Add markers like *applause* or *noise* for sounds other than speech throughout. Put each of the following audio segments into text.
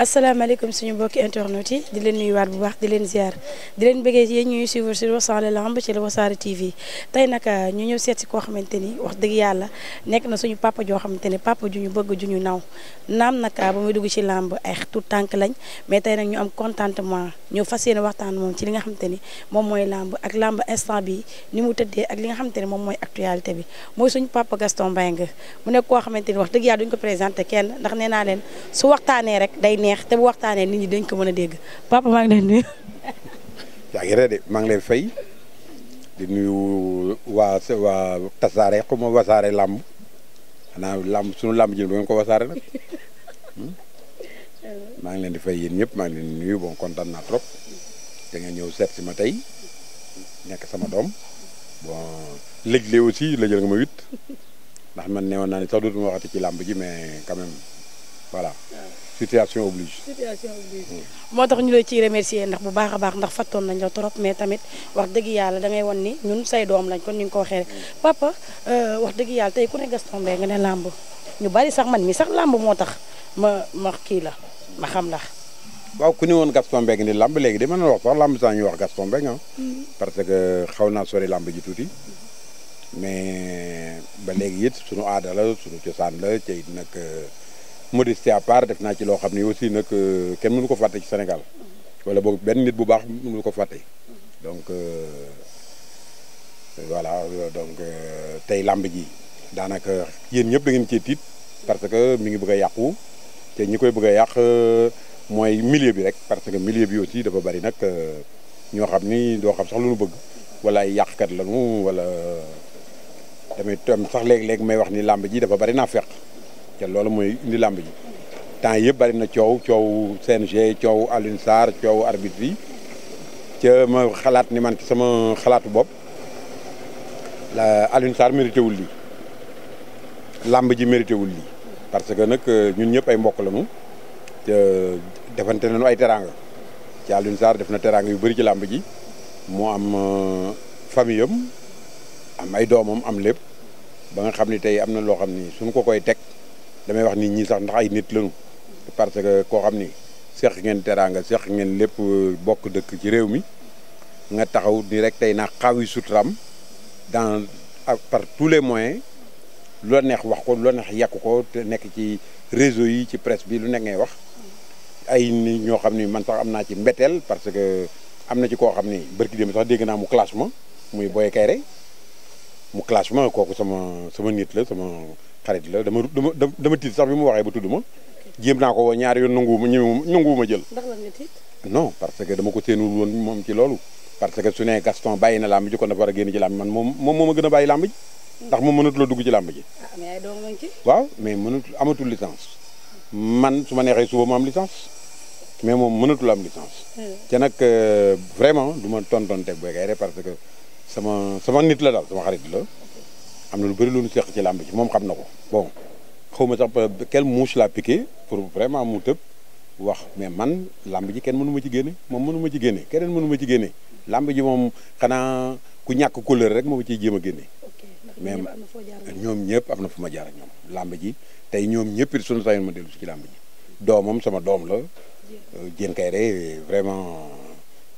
asalaamaaleykum suñu mbokki internet yi di leen nuyuwaat bu wax di leen ziar di leen bëggee yéen ñuy suivre sur Wassare Lamb ci la Wassare TV tey nag euh, ñu ñëw seet koo xamante ni wax dëgg yàlla nekk na suñu papa joo xamante ni papa ju ñu bëgg ju ñu naw naam nag euh, ba muy dugg ci làmb ay tout tànk lañ mais tey nag ñu am contentement ñu fas yéene waxtaan moom ci li nga xamante ni moom mooy làmb ak làmb instant bi ni mu tëddee ak li nga xamante ni moom mooy actualité bi mooy suñu papa Gaston Mbengue mu nekk koo xamante ni wax dëgg yàlla duñu ko présenté kenn ndax nee naa leen su waxtaanee rek te bu waxtaanee nit ñi dañ ko mën a dégg papa maa ngi leen nuyu. yaa ngi de maa ngi leen fay di nuyu waa waa tasaare xuma wasaare làmb xanaa làmb sunu làmb ji du ko wasaare nag hmm? maa ngi leen di fay yéen ñëpp maa ngi leen nuyu bon kontaan naa trop da nga ñëw seet si ma tey nekk sama doom bon léeg-léeg aussi la jël nga ma wit ndax man neewoon naa ne sax dootuma waxati ci làmb ji mais quand même situation oblige. moo tax ñu lay ciy remercier ndax bu baax a baax ndax fattoon nañ la trop mais tamit wax dëgg yàlla da ngay wan ni ñun say doom lañ kon ni nga ko waxee rek papa euh, wax dëgg yàlla tey ku ne Gaston Mbengue nga ne làmb ñu bari sax man mi sax làmb moo tax ma ma kii la ma xam la. waaw ku ni woon Gaston Mbengue ni làmb léegi de mën na wax sax làmb saa ñuy wax Gaston Mbengue ah. mm-hmm. parce que xaw naa sori làmb ji tuuti. Mm-hmm. mais ba léegi it sunu aada la sunu cosaan la te moo modestie à part def naa ci loo xam ne aussi nag euh, kenn mënu ko fàtte ci Sénégal wala boog benn nit bu baax mënu ko fàtte donc euh, voilà donc euh, tey làmb ji daanaka yéen ñëpp da ngeen cee tiit parce que mi ngi bëgg a yàqu te ñi koy bëgg a yàq mooy milieu bi rek parce que millier bi aussi dafa bari nag ñoo xam ni doo xam sax lu nu bëgg wala ay yàqkat mu wala tamit tam sax léeg-léeg may wax ni làmb ji dafa bari naa feq te loolu mooy indi làmb temps yëpp bari na coow coow CNG coow Alioune Sarr coow arbitre yi ca ma xalaat ni man ci sama xalaatu bopp Alioune Sarr mérité wul lii làmb ji mérité wul parce que nag euh, ñun ñëpp ay mbokk lañu te euh, defante nu ay teraanga ci Alioune saar def na teraanga yu bëri ci làmb ji mu am euh, famille am ay doomam am lépp ba nga xam ni tey am na loo xam ni suñu ko koy teg damay wax ni ñi sax ndax ay nit lañu parce que koo xam ni seq ngeen teraanga seq ngeen lépp bokk dëkk ci réew mi nga taxaw ni rek tey naa xaawi suturaam dans par tous les moyens lu la wax ko lu la neex ko te nekk ci réseau yi ci presse bi lu nekk ngay wax ay nit ñoo xam ni man sax am naa ci mbetteel parce que am na ci koo xam ni barki dem sax dégg naa mu classement muy Boy rek mu classement kooku sama sama nit la sama xarit la dama dama dama tiit sax bi mu waxee ba tudd ma jéem naa ko woo ñaar yoon nanguwuma ñëwuma nanguwuma jël. ndax lan nga tiit. non parce que dama ko séenul woon moom ci loolu. parce que su ne Gaston bàyyi na làmb ji kon dafa war a génn ci làmb man moom moom moo ma gën a ji. ndax moom mënatul a dugg ci làmb ji. Ah, waaw mais mënatul amatul licence. man su ma neexee suba ma am licence. mais moom mënatul am licence. Hmm. te nag euh, vraiment du ma tontonteeg booy kay rek parce que sama sama nit la daal sama xarit la. am na lu bari lu ñu seq ci làmb ci moom xam na ko bon xaw ma sax quelle mouche la piqué pour vraiment mu tëb wax mais man làmb ji kenn mënu ma ci génne moom mënu ma ci keneen mënu ma ci génne làmb ji moom xanaa ku ñàkk couleur rek moo ma ciy jéem a génne. mais ñoom ñëpp am na fu ma jaar ñoom làmb ji tey ñoom ñëpp it sunu sañoon ma dellu si ci làmb ji moom sama doom la kay euh, Kaïré vraiment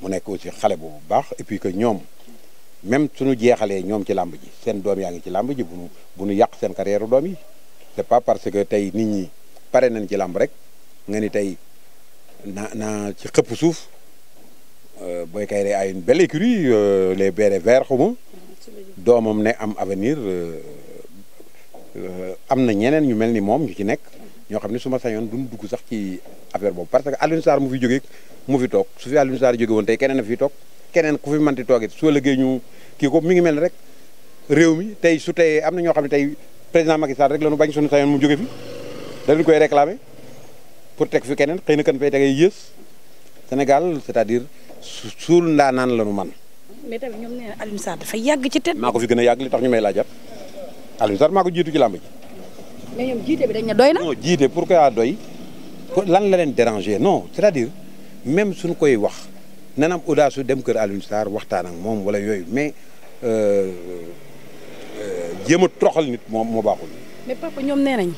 mu nekk aussi xale bu baax et puis que ñoom même suñu jeexalee ñoom ci làmb ji seen doom yaa ngi ci làmb ji bu nu bu nu yàq seen carrière doom yi c'est pas parce que tey nit ñi pare nañ ci làmb rek nga ni tey na na ci xëpp suuf euh, booy kay rek ay une belle écurie euh, les bérets verts xuma doomam ne am avenir euh, am na ñeneen ñu mel ni moom ñu ci nekk ñoo xam ne su ma sañoon duñ dugg sax ci affaire boobu parce que Alioune Sarr mu fi jógee mu fi toog su fi Alioune Sarr jóge woon tey keneen a fi toog keneen ku fi mën di toog it soo liggéey ñu kii ko mi ngi mel ne rek réew mi tey su tey am na ñoo xam ne tey président Macky Sall rek la ñu bañ suñu sañoon mu jóge fi dañu koy réclamer pour teg fi keneen xëy na kan fay tegee yées Sénégal c'est-à-dire suul ndaanaan la ñu man mais tamit ñoom ci tët. maa ko fi gën a yàgg li tax ñu may laajat Alioune Sarr maa ko jiitu ci làmb ji. mais ñoom jiite bi dañ ne doy na. non jiite pourquoi doy lan la leen déranger non c'est-à-dire même suñu koy wax. nana am audace su dem kër Alioune Sarr waxtaan ak moom wala yooyu mais euh, euh, jéem a toroxal nit moom moo baaxul. mais papa ñoom nee nañ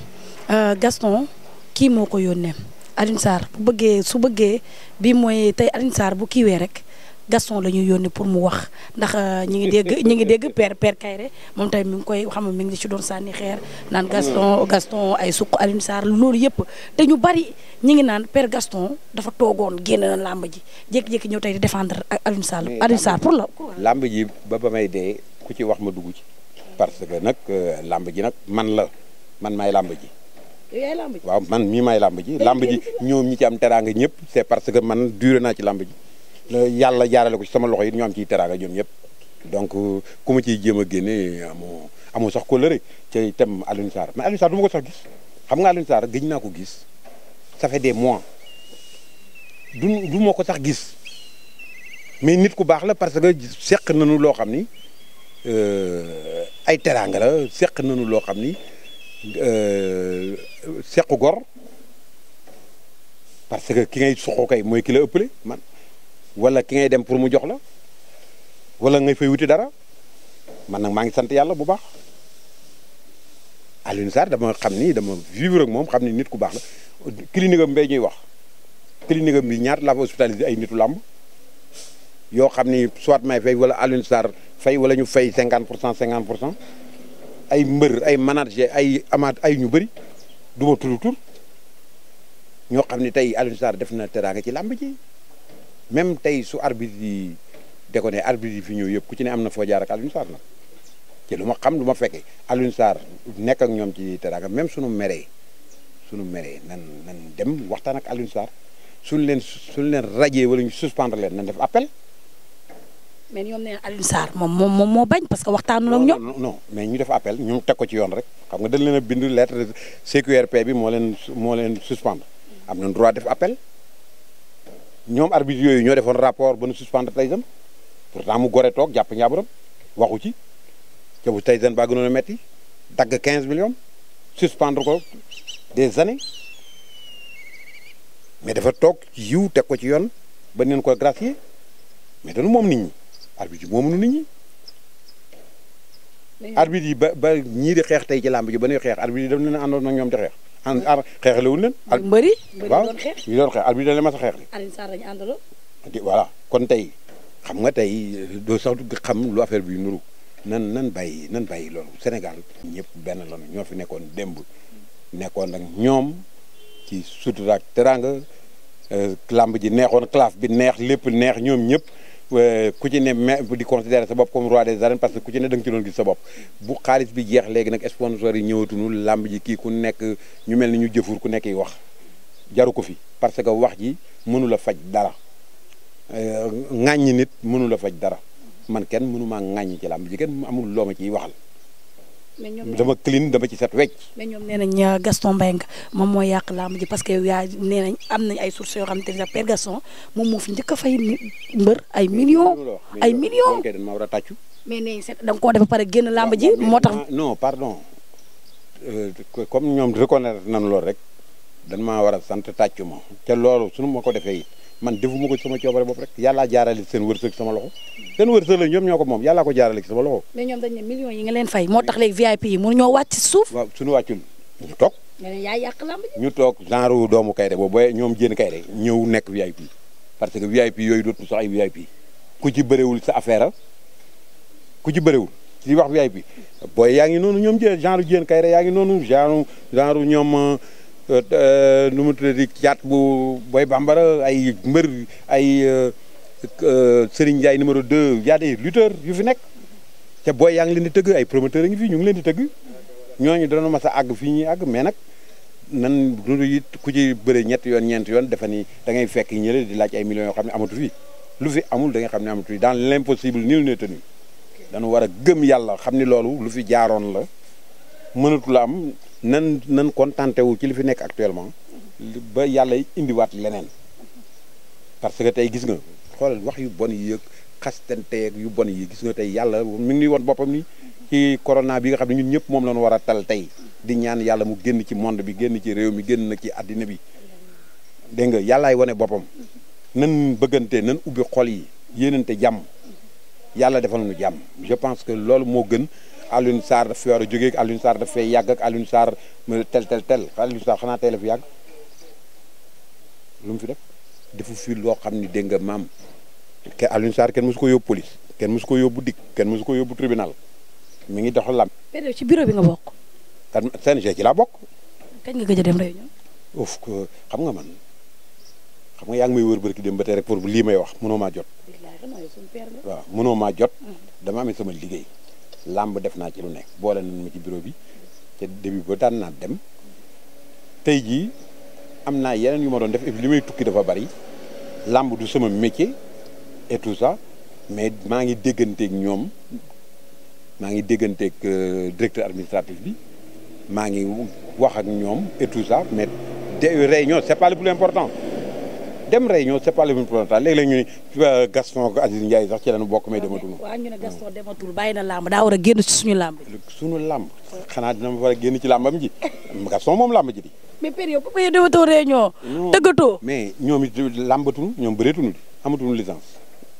euh, Gaston kii moo ko yónnee Alioune Sarr bu bëggee su bëggee bi mooy tey Alioune Sarr bu kiiwee rek. Gaston la ñuy yónni pour mu wax ndax euh, ñi ngi dégg ñi ngi dégg père père Kayre moom tamit mu ngi koy xam mi ngi ci doon sànni xeer naan Gaston mm. Gaston ay suq Alioune Sarr loolu yëpp te ñu bari ñu ngi naan père Gaston dafa toogoon génn na làmb ji jékki-jékki ñëw tey di défendre Alioune Sarr Alioune Sarr ji ba ba may dee ku ci wax ma dugg ci parce que nag euh, làmb ji nag man la man maay làmb ji waaw man mii maay làmb ji làmb ji ñoom ñi ci am teraanga ñëpp c'est parce que man duré naa ci làmb ji yàlla jaarale ko ci sama loxo yit ñoo am ciy teraanga ñoom ñëpp donc ku ma ci jéem a génne amoo amoo sax kóllëre ci tem Alioune Sarr mais Alioune Sarr du ma ko sax gis xam nga Alioune Sarr gëj naa ko gis fait des mois du ko sax gis mais nit ku baax la parce que seq nañu loo xam ni euh, ay teraanga la seq nañu loo xam ni euh, sequ gor parce que ki ngay soxoo kay mooy ki la ëppale wala ki ngay dem pour mu jox la wala ngay fay wuti dara man nag maa ngi sant yàlla bu baax Alioune Sarr dama xam ni dama vivre moom xam ni nit ku baax la clinique am mbay ñuy wax clinique am bi ñaata laa fa hospitalisé ay nitu làmb yoo xam ni soit may fay wala Alioune Sarr fay wala ñu fay 50 pour cent cinquante pour cent ay mbër ay manager ay amaat ay ñu bëri du ma tur ñoo xam ni tey Alioune def na teraanga ci làmb ji. même tey su arbitre yi de ko ne arbitre yi fi ñëw yëpp ku ci ne am na foo jaar ak Alioune Sarr nag lu ma xam lu ma fekkee Alioune Sarr nekk ak ñoom ci teraanga même sunu meree sunu meree nan nan dem waxtaan ak Alioune Sarr suñ leen suñ leen rajee wala ñu suspendre leen na def appel. mais ñoom nee na Alioune Sarr moom moom moo bañ parce que waxtaanu ak ñoom. non mais ñu def appel ñu teg ko ci yoon rek xam nga dañ leen a bind lettre CQRP bi moo leen moo leen suspendre am na droit def appel. ñoom arbitre yooyu ñoo defoon rapport ba nu suspendre Tyson pourtant mu gore toog jàpp njaabaram waxu ci te bu Tyson baa gënoon a metti dagg 15 millions suspendre ko des années mais dafa toog yiw teg ko ci yoon ba neen ko gracier mais dañu moom nit ñi arbitre yi moomuñu nit ñi. arbitre yi ba ba ñii di xeex tey ci làmb ji ba ñuy xeex arbitre yi daf leen àndoon nag ñoom di xeex. an ar leen. mbëri mbëri doon xeex waaw doon xeex arbitre dañ leen mas a xeex. Alioune Sarr voilà kon tey xam nga tey doo sax xam lu affaire bi nuru nan nan bàyyi nan bàyyi loolu Sénégal ñëpp benn lanu ñoo fi nekkoon démb nekkoon nag ñoom ci sutura ak teranga euh, lamb ji neexoon classe bi neex lépp neex ñoom ñëpp. Euh, ku ci ne mais di considérer sa bopp comme roi des arènes parce que ku ci ne da nga ci doon gis sa bopp bu xaalis bi jeex léegi nag sponsors yi ñëwatuñu làmb ji kii ku nekk ñu mel ni ñu jëfur ku nekk wax jaru ko fi parce que wax ji mënu la faj dara euh, ŋàññi nit mënula faj dara man kenn mënumaa ŋàññi ci làmb ji kenn amul loo ma ciy waxal dama clean dama ci set wecc. mais ñoom nee nañ euh, Gaston Mbengue moom moo yàq làmb ji parce que yow yaa nee am nañ ay sources yoo xam te ne sax Père Gaston moom moo fi njëkk a fay mbër ay millions. ay millions kay dañ ma war a tàccu. mais nee set da nga koo def ba pare génn làmb ji moo tax. non pardon euh, comme ñoom na nañ lool rek dañ maa war a sant tàccu ma ca loolu nu ma ko defee it man defuma ko sama coobare bopp rek yàllaa jaarale seen wërsëg sama loxo seen wërsëg la ñoom ñoo ko moom yàllaa ko jaarale ci sama loxo. mais yi nga fay moo tax léegi VIP yi mënuñoo wàcc suuf. waaw suñu wàccul ñu toog. nga ñu toog genre doomu Kayre boobu booy ñoom jéen Kayre ñëw nekk VIP parce que VIP yooyu dootul sax ay VIP ku ci bëriwul sa affaire ku ci bëriwul ci wax VIP booy yaa ngi noonu ñoom jéen genre jéen Kayre yaa ngi noonu genre genre ñoom. Euh, euh, nu mu tuddati caat bu Boy Bambara ay mbër ay euh, Serigne Ndiaye numéro 2 y a des lutteurs yu fi nekk te booy yaa leen di tëgg ay promoteurs yi ngi fi ñu ngi leen di tëgg ñooñu dana mas a àgg fii ñuy àgg mais nag nan yit it ku ci bëre ñetti yoon ñeenti yoon defe ni da ngay fekk ñële di laaj ay millions yoo xam ne amatu fi lu fi amul danga xam ne amatu fi dans l'impossible nul n'est tenu dañu war a gëm yàlla xam ni loolu lu fi jaaroon la mënatu la am. nan nan contenté wu ci li fi nekk actuellement ba yàlla indiwaat leneen parce que tey gis nga xoolal wax yu bon yi yëg xastanteeg yu bon yii gis nga tey yàlla mi ngi woon boppam ni ci corona bi nga xam ne ñun ñëpp moom la war a tal tey di ñaan yàlla mu génn ci monde bi génn ci réew mi génn na ci àddina bi dégg nga yàllaay wane boppam nan bëggantee nan ubbi xool yi yéenante jàmm yàlla defal nu jàmm je pense que loolu moo gën Alioune saar da fi war a jógee ak saar Sarr daf fay yàgg ak Alioune Sarr tel tel tel Alioune Sarr xanaa tey la fi yàgg def defu fi loo xam ni dégg nga maam te Alioune kenn mësu ko yóbbu police kenn mësu ko yóbbu dik kenn mësu ko yóbbu tribunal mi ngi doxal lam. ci bureau bi nga bokk. kan CNG ci laa kañ nga gëj a dem réunion. of xam nga man xam nga yaa ngi may wër bërki dem ba tey rek pour lii may wax mënoo maa jot. waaw mënoo maa jot. Mm. dama amee sama liggéey. làmb def naa ci lu nekk boole nañ ma ci bureau bi ca début ba daan naa dem tey jii am naa yeneen yu ma doon def et puis li may tukki dafa bari làmb du sama métier et tout ça mais maa ngi dégganteeg ñoom maa ngi dégganteeg euh, directeur administratif bi maa ngi wax ak ñoom et tout ça mais de réunion c'est pas le plus important dem réunion c'est pas le même plan léeg-léeg ñu ne euh, Gaston ak Aziz Ndiaye sax ci lañu bokk mais dematul. waaw ñu dematul bàyyi na làmb daa war a génn ci suñu làmb. suñu làmb xanaa dina war a génn ci làmbam ji Gaston moom làmb ji di. mais période bu may dematoo réunion. tëggatoo mais ñoom it amatul licence.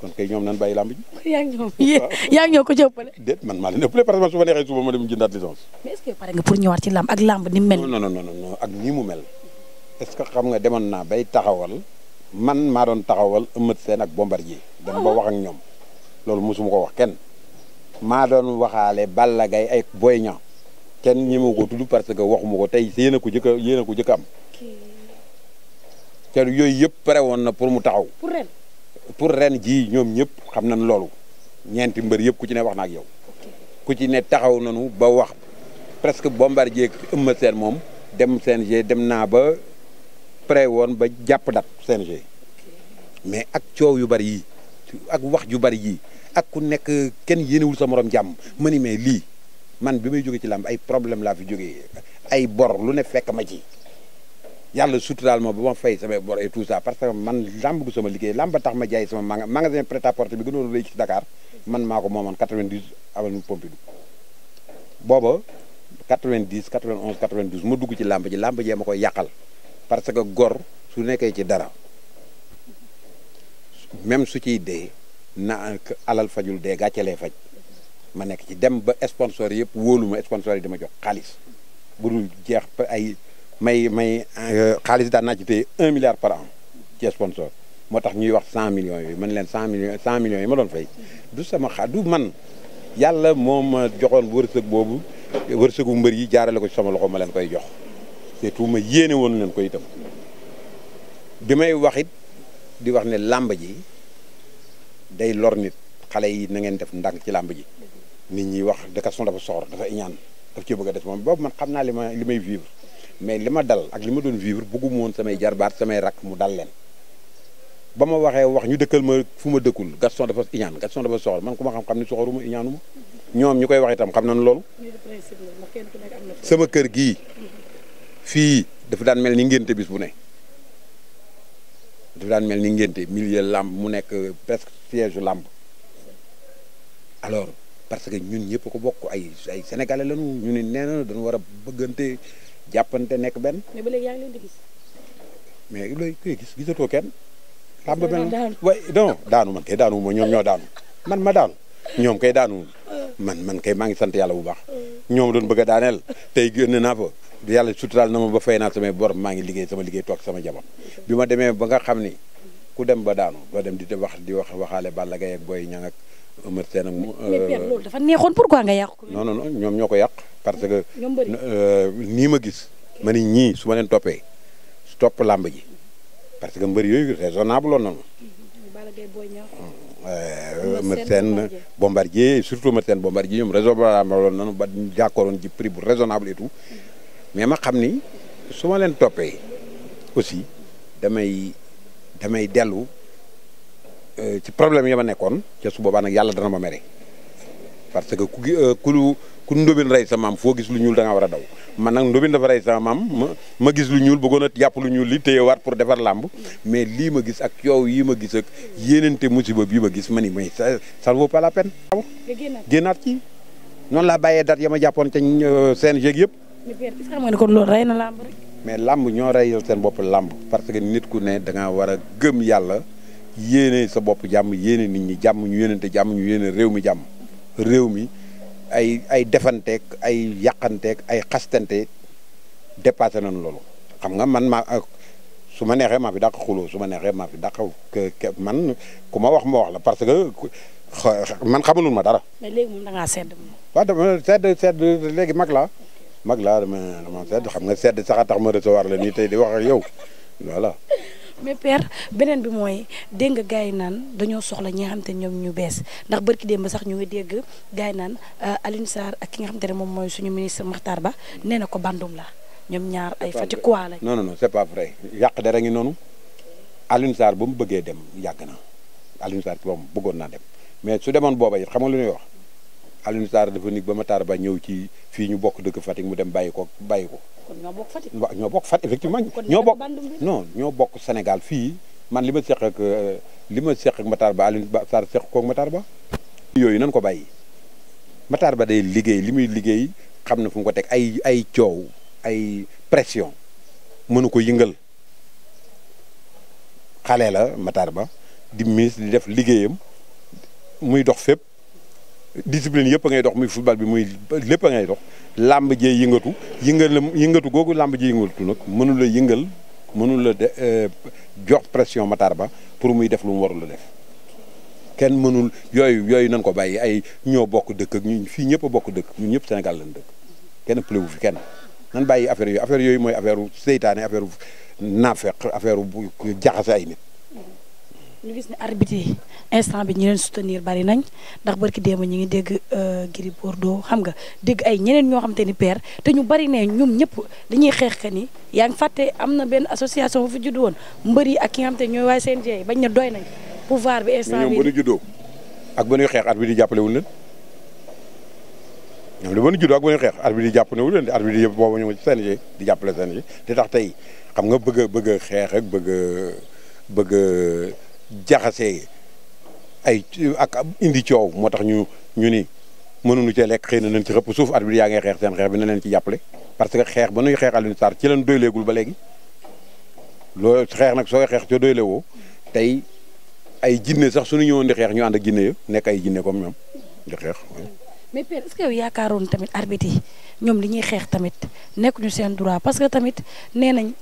kon kay ñoom nan bàyyi làmb ji. *laughs* yaa ngi ñëw yaa ngi ko ci ëppale. déet man maa leen ëppale parce que su ma neexee suba ma dem ak làmb ni mu mel. non non non ak nii mu mel est ce que xam nga demoon naa bay taxawal man maa doon taxawal Eumeu Sène ak Bombardier dama ba uh-huh. wax ak ñoom loolu mosuma ko wax kenn maa doon waxaale Balla Gaye ay Boy Niang kenn ñi ma ko tudd parce que waxuma ko tey yéen a ko jëkk yéen a jëkk am te yooyu yëpp pare woon na pour mu taxaw pour ren pour ren jii ñoom ñëpp xam nañ loolu ñeenti mbër yëpp ku ci ne wax na yow ku ci ne taxaw nañu ba wax presque bombar ak Eumeu seen moom dem seen CNG dem naa ba prêt woon ba jàpp dat CNG mais ak coow yu bari yi ak wax yu bari yii ak ku nekk kenn yéenewul sa moroom jàmm ma ni mais lii man bi may jóge ci làmb ay problème laa fi jógee ay bor lu ne fekk ma ci yàlla suturaal ma ba ma fay samay bor et tout ça parce que man làmb du sama liggéey làmb tax ma jaay sama magasin magasin prêt à porter bi gënoon rëy ci Dakar man maa ko moomoon 90 avenue Pompidou booba 90 91 92 ma dugg ci làmb ji làmb jee ma koy yàqal parce que gor su nekkee ci dara même su ciy dee na alal fajul dee gàcce lay faj ma nekk ci dem ba sponsor yëpp wóolu ma sponsor yi ma jox xaalis bu dul jeex ay may may euh, xaalis daan naa ci téye un milliard par an ci sponsor moo tax ñuy wax cent millions yooyu man leen cent million cent millions yi ma doon fay du sama xaa man yàlla moom ma joxoon wërsëg boobu wërsëgu mbër yi jaarale ko ci sama loxo ma leen koy jox te tuuma yéene woon leen koy itam bi may wax it di wax ne làmb ji day lor nit xale yi na ngeen def ndànk ci làmb ji nit ñi wax daka son dafa soxor dafa iñaan daf ci bëgg a def moom boobu man xam naa li li may vivre mais lima ma dal ak li ma doon vivre bëgguma woon samay jarbaat samay rak mu dal leen ba ma waxee wax ñu dëkkal ma fu ma dëkkul Gaston dafa iñaan Gaston dafa soxor man ku ma xam-xam ni soxoruma iñaanuma ñoom ñu koy wax itam xam nañ loolu sama kër gi fii dafa daan mel ni ngénte bis bu ne dafa daan mel ni ngénte milieu làmb mu nekk presque siège làmb alors parce que ñun ñëpp ko bokk ay ay sénégalais lañu ñu ne nee na dañu war a bëggante jàppante nekk benn. mais ba léegi yaa ngi leen di gis. mais looy koy gis mel daanu daanu man kay daanu ma ñoom ñoo daanu man ma daanu ñoom kay daanu euh. man man kay maa ngi sant yàlla bu baax. Euh. ñoom doon bëgga a daaneel tey génn naa fa. yàlla suturaal na ma ba fay naa samay bor maa ngi liggéey sama liggéey toog sama jabar bi ma demee ba nga xam ni ku dem ba daanu ba dem di wax di wax waxaale Balla Gaye ak Boy Niang ak Eumeu Sène ak. mais Père euh, loolu dafa neexoon pourquoi nga yàq ko. non ñoom ñoo ko yàq. parce que euh, nii ma gis. ma ni ñii su ma leen toppee topp làmb ji parce que mbër yooyu raisonnable woon nañu. Mm-hmm. Balla Gaye Boy Niang. Mm, Eumeu Sène Bombardier surtout Eumeu Sène Bombardier ñoom woon nañu ba jàkkooroon ci prix bu raisonnable et tout. Mm-hmm. mais ma xam ni su ma leen toppee aussi damay damay dellu euh, ci problème yi ma nekkoon ca su boobaa nag yàlla dana ma mere parce que ku euh, ku ku ndóbin rey sa maam foo gis lu ñuul da nga war a daw man nag ndóbin dafa rey sa maam ma ma gis lu ñuul bëggoon a yàpp lu ñuul li téye waat pour defar làmb mais lii ma gis ak yow yii ma gis ak yéenante musiba bii ma gis ma ni may ça ça vaut pas génnaat ci noonu laa bàyyee date ya ma jàppoon ca seen euh, jeeg yëpp. mais Pierre kon loolu rey na làmb mais làmb ñoo reyal seen bopp làmb parce que nit ku ne da ngaa war a gëm yàlla yéene sa bopp jàmm yéene nit ñi jàmm ñu yéenante jàmm ñu yéene réew mi jàmm réew mi ay ay defanteeg ay yàqanteeg ay xastante dépassé nañ loolu xam nga man maa ah, su ma neexee ma fi dàq xuloo su ma neexee maa fi dàq man ku ma wax ma wax la parce que man xamalul ma dara. mais léegi sedd. sedd sedd mag laa. mag laa dama dama sedd xam nga sedd sax a tax ma recevoir la nii tey di wax ak yow voilà. mais père beneen bi mooy dégg nga gars yi naan dañoo soxla ñi nga xamante ne ñoom ñu bees ndax barki démb sax ñu ngi dégg gars yi naan euh, Alioune Sarr ak ki nga xamante ne moom mooy suñu ministre Makhtar Ba nee na ko bandum la ñoom ñaar ay Fatick waa lañ. non non non c'est pas vrai yàq noonu Alioune Sarr mu bëggee dem yàgg na Alioune Sarr moom bëggoon naa dem mais su demoon booba it xam nga lu ñuy wax. Alioune Sarr dafa nekk ba Matar Ba ñëw ci fii ñu bokk dëkk Fatick mu dem bàyyi ko bàyyi ko. ñoo bokk Fatick. waaw ñoo bokk effectivement. ñoo bokk non ñoo bokk Sénégal fii man li ma seq ak euh, li ma seq ak Matar Ba Alioune Sarr seq koog Matar Ba. yooyu nan ko bàyyi Matar Ba day liggéey li muy liggéey xam na fu ko teg ay ay coow ay pression mënu ko yëngal xale la Matar Ba di ministre di def liggéeyam muy dox fépp. discipline yëpp ngay dox muy football bi muy lépp a ngay dox làmb jee yëngatu yëngal yëngatu googu làmb jee yëngatu nag mënul la yëngal mënul la euh, jox pression Matar Ba pour muy def lu mu warul la def kenn mënul yooyu yooyu nañ ko bàyyi ay ñoo bokk dëkk ak ñu fii ñëpp a bokk dëkk ñun ñëpp senegal lañ dëkk kenn pléwu kenn nan bàyyi affaire yooyu affaire yooyu mooy affaire u seytaane affaire u naafeq affaire bu jaxase ay nit ñu gis ne arbitre yi instant bi ñi leen soutenir bari nañ ndax barki démb ñi ngi dégg euh, Gris Bordeaux xam nga dégg ay ñeneen ñoo xam ni père te ñu bari ne ñoom ñëpp dañuy xeex ni yaa fàtte am na benn association bu fi woon mbër yi ak ki nga xam te yi bañ na doy nañ pouvoir bi bi ñoom ba ñu ak ba ñuy xeex arbitre yi jàppalewul leen ñoom li ba ñu juddoo ak ba ñuy xeex arbitre yi jàppalewul leen di arbitre yi boobu ñoom CNG di jàppale CNG di tax tey xam nga bëgg bëgg xeex ak bëgg bëgg jaxasee ay ak indi coow moo tax ñu ñu ni mënuñu cee lekk xëy na nañ ci xëpp suuf at bi yaa ngi xeex seen xeex bi na leen ci jàppale parce que xeex ba nuy xeex Alioune Sarr ci leen doyleegul ba léegi loolu xeex nag sooy xeex te doyle woo tey ay jinne sax suñu ñëwoon di xeex ñu ànd a jinne yo nekk ay jinne comme ñoom di xeex mais Père yaakaaroon tamit arbitre yi ñoom li ñuy xeex tamit nekkuñu seen droit parce que tamit nee nañ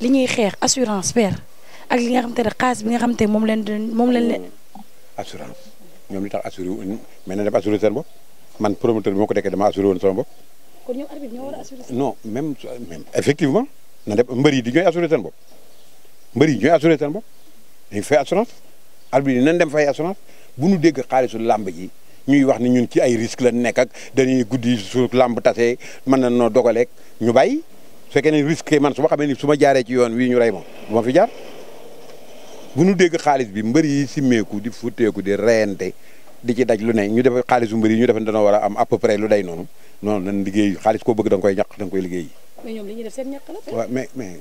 li ñuy xeex assurance Père ak yi nga xam te ne xaalis bi nga xam te moom leen di moom leen leen. assurance ñoom li tax assuré wu mais na def assuré seen bopp man promoteur bi moo ko dekkee dama assuré woon sama bopp. kon ñoom arbitre ñoo non même même effectivement na def mbër yi di ñooy assuré seen bopp mbër yi ñooy assuré seen bopp dañu fay assurance arbitre yi nañ dem fay assurance bu ñu dégg xaalisu làmb ji ñuy wax ni ñun ci ay risque la nekk ak dañuy guddi su làmb tase mën na noo dogaleeg ñu bay su fekkee ne risque man su ma xamee ni su ma jaaree ci yoon wii ñu rey moom du ma fi jaar. bu nu dégg xaalis bi mbër yi simmeeku di futteeku di reyante di ci daj lu ne ñu def xaalisu mbër yi ñu defe dana war a am à peu près lu day noonu noonu nan liggéey xaalis ko bëgg da ko koy ñàq da nga liggéey mais ñoom li ñuy def seen ñàq la mais mais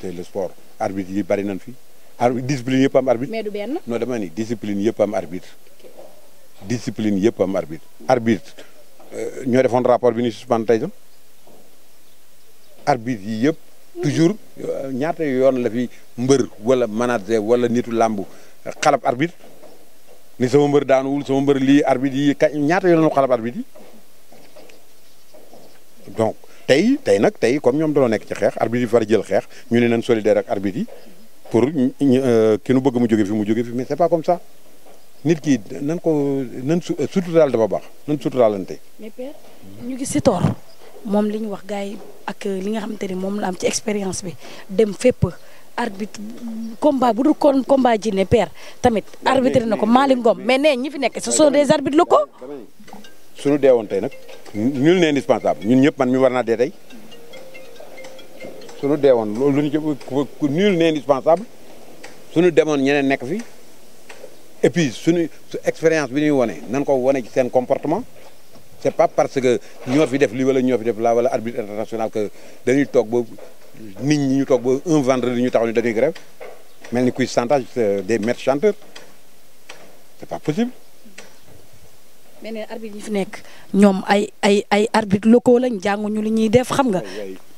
c'est le sport arbitre yi bari nañ fi arbitre discipline yëpp am arbitre mais du benn non dama ni discipline yëpp am arbitre discipline yëpp am arbitre arbitre euh, ñoo defoon rapport bi ñu suspendre tey jëm arbitre yi yëpp toujours ñaata yoon la fi mbër wala manager wala nitu làmb xalab arbitre ni sama mbër daanuwul sama mbër lii arbitre yi ka ñaata yoon la xalab arbitre yi donc tey tey nag tey comme ñoom dañoo nekk ci xeex arbitre yi far jël xeex ñu ne nañ solidaire ak arbitre yi pour euh, ki nu bëgg mu jóge fi mu jóge fi mais c'est pas comme ça nit ki nan ko nan suturaal dafa baax nan suturaalante. mais père ñu gis si moom li ñu wax gars yi ak li nga xamante ni moom la am ci expérience bi dem fépp arbitre combat bu dul kon combat ji ne père tamit. arbitre na ko Malick Ngom mais nee ñi fi nekk ce sont des arbitres locaux. suñu deewoon tey nag ñun nee indispensable ñun ñëpp man mi war naa dee tey dee woon loolu lu ñu nul nee indispensable suñu demoon ñeneen nekk fi et puis suñu expérience bi ñuy wone nan ko wone ci seen comportement. c'est pas parce que ñoo fi def lii wala ñoo fi def laa wala arbitre international que dañuy toog ba nit ñi toog ba un vendredi ñu taxaw ni dañuy grève mel ni kuy chantage des maîtres chanteurs c'est pas possible. mais neen arbitre yi fi nekk ñoom ay ay ay arbitre locaux lañ jànguñu lu ñuy def xam nga.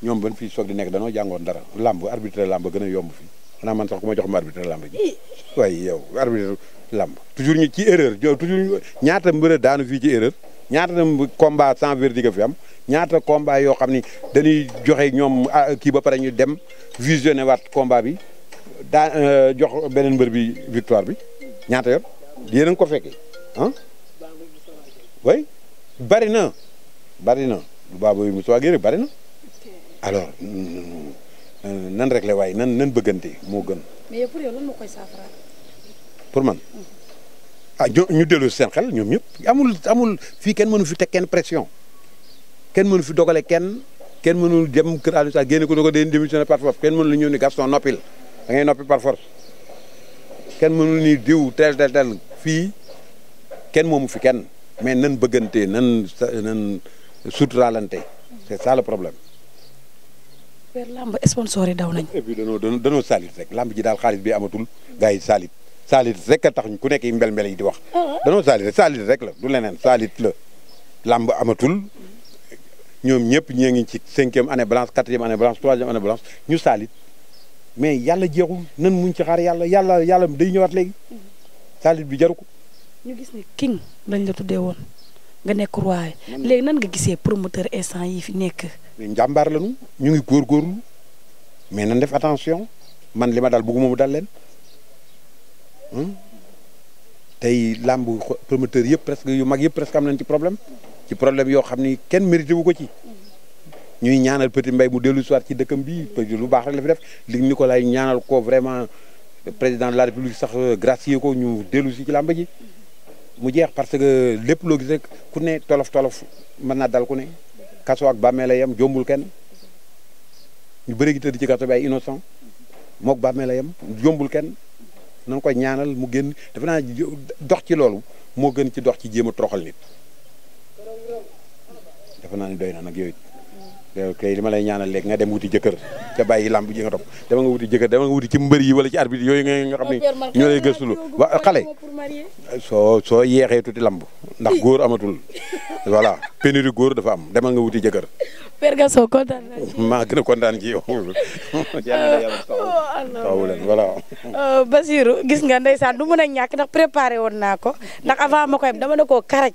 ñoom ban fi soog di nekk danoo jàngoon dara làmb arbitre làmb gën a yomb fi xanaa man sax ku jox ma arbitre làmb waaye yow arbitre làmb toujours ñu ci erreur toujours ñaata mbër daanu fii ci erreur. ñaata combat sans verdict a fi am ñaata komba yoo xam ni dañuy joxe ñoom ah, kii ba pare ñu dem visionné waat combat bi daa euh, jox beneen mbër bi victoire bi ñaata yoon yéen a ko fekkee ah. way bari na bari na lu baax boobu Moussa Gueye bari na alors nan rek la waaye nan nan bëggante moo gën. mais man. Mm-hmm. ah ñu dellu seen xel ñoom ñëpp amul amul fii kenn mënu fi teg kenn pression kenn mënu fi dogale kenn kenn mënul dem kër Alioune Sall génne ko dee démissionné par force kenn mënul ñëw ni Gaston noppil da ngay noppi par force kenn mënul ni diw tel tel fii kenn moomu fi kenn mais nan bëggante nan nan suturaalante c'est ça problème. père lamb sponsor yi daw nañ et puis danoo danoo rek lamb ji daal xaalis bi amatul gars yi salit. saalit rek a ku nekk yi mbel-mbel yi di wax. Ah. danoo saalit saalit rek la du leneen saalit la làmb amatul ñoom ñëpp ñee ngi ci cinquième année blanche quatrième année blanche troisième année blanche ñu saalit mais yàlla jeexul nan muñ ci xaar yàlla yàlla yàlla day ñëwaat léegi saalit bi jaru ko. ñu gis ni king lañ la tuddee woon nga nekk roi mm. léegi nan nga gisee promoteur instant yi fi nekk. njàmbaar lañu ñu ngi góorgóorlu mais nan def attention man li ma daal bëgguma mu dal leen. Hmm? tey làmb promoteur yëpp presque yu mag yëpp presque am nañ ci problème ci problème yoo xam ni kenn mérité wu ko ci ñuy ñaanal Petit mbay mu dellu soir ci dëkkam bi lu baax rek la fi def li ni ko lay ñaanal ko vraiment président de la république sax euh, gracier ko ñu dellu si ci làmb ji mu jeex parce que lépp loo gis ku ne tolof tolof mën naa dal ku ne kaso ak bàmmee la yem jombul kenn ñu bëri gi tëdd ci kaso bi ay innocent mook bàmmee la yem jombul kenn nañ koy ñaanal mu gën dafa naa dox ci loolu moo gën ci dox ci jéem a toroxal nit dafa naa ne doy nag yooyu yow kay li ma lay ñaanal léegi nga dem wuti jëkkër te bàyyi lamb ji nga topp dama nga wuti jëkkër dama nga wuti ci mbër yi wala ci arbitre yooyu nga xam ne ñoo lay gëstulu wa xale soo soo tu tuuti lamb ndax góor amatul voilà pénurie góor dafa am dama nga wuti jëkkër Père Gaston kontaan naa ci maa gën a kontaan ci yow. *laughs* taw oh, euh, nga ndeysaan du mën a ñàkk ndax préparé woon naa ko ndax avant ma koy dama ne koo karaj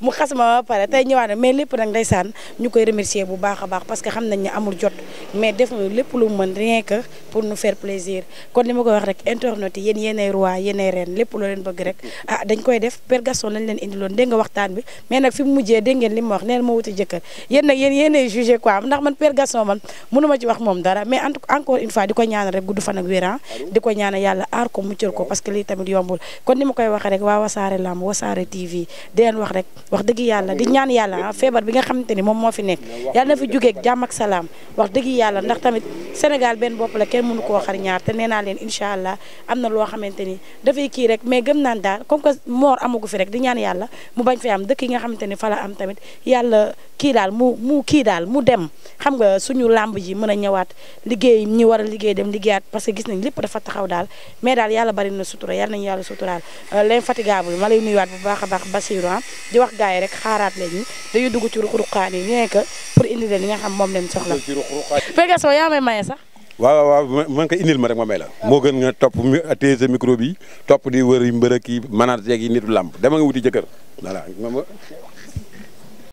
mu xas ma ba pare tey ñëwaat na mais lépp nag ndeysaan ñu koy remercier bu baax a baax parce que xam nañ ne amul jot mais def na lépp lu mu mën rien que pour nous faire plaisir kon li ma koy wax rek internet yéen yéenay roi yéenay reine lépp bëgg rek ah dañ def Père Gaston lañ leen indiloon dégg nga waxtaan bi mais nag fi mu mujjee dégg ngeen li ma wax neen ma wuti jëkkër yéen nag yéen yéenay jugé quoi ndax man Père Gaston man mënuma wax moom dara mais encore une fois di ko ñaan rek gudd fan ah yàlla aar ko ko parce que lii tamit yombul kon ni ma koy wax rek waa wasaare lamb wasaare TV di leen wax rek wax dëgg yàlla di ñaan yàlla ah feebar bi nga xamante ni moom moo fi nekk yàlla na fi jógeeg jàmm ak salaam wax dëgg yàlla ndax tamit Sénégal benn bopp la kenn mënu koo xar ñaar te nee naa leen incha allah am na loo xamante ni dafay kii rek mais gëm naan daal comme que moor amagu fi rek di ñaan yàlla mu bañ fi am dëkk yi nga xamante ni fa la am tamit yàlla kii daal mu mu kii daal mu dem xam nga suñu làmb ji mën a ñawaat liggéey ñi war a liggéey dem liggéeyaat parce que gis nañ lépp dafa taxaw daal mais daal yàlla bari na sutura yàlla nañu yàlla suturaal euh, l'infatigable ma lay nuyuwaat bu baax a baax Bassirou ah gars yi rek xaaraat leen ñi dañuy dugg ci ruq-ruqaan yi rien que pour indi leen li nga xam moom lañ soxla. Pegaso yaa maye sax. waaw waaw man ko indil ma rek ma may la moo gën nga topp téye sa micro bi topp di wër yi mbërëk yi manaat yeeg yi nitu làmb dama nga wuti jëkkër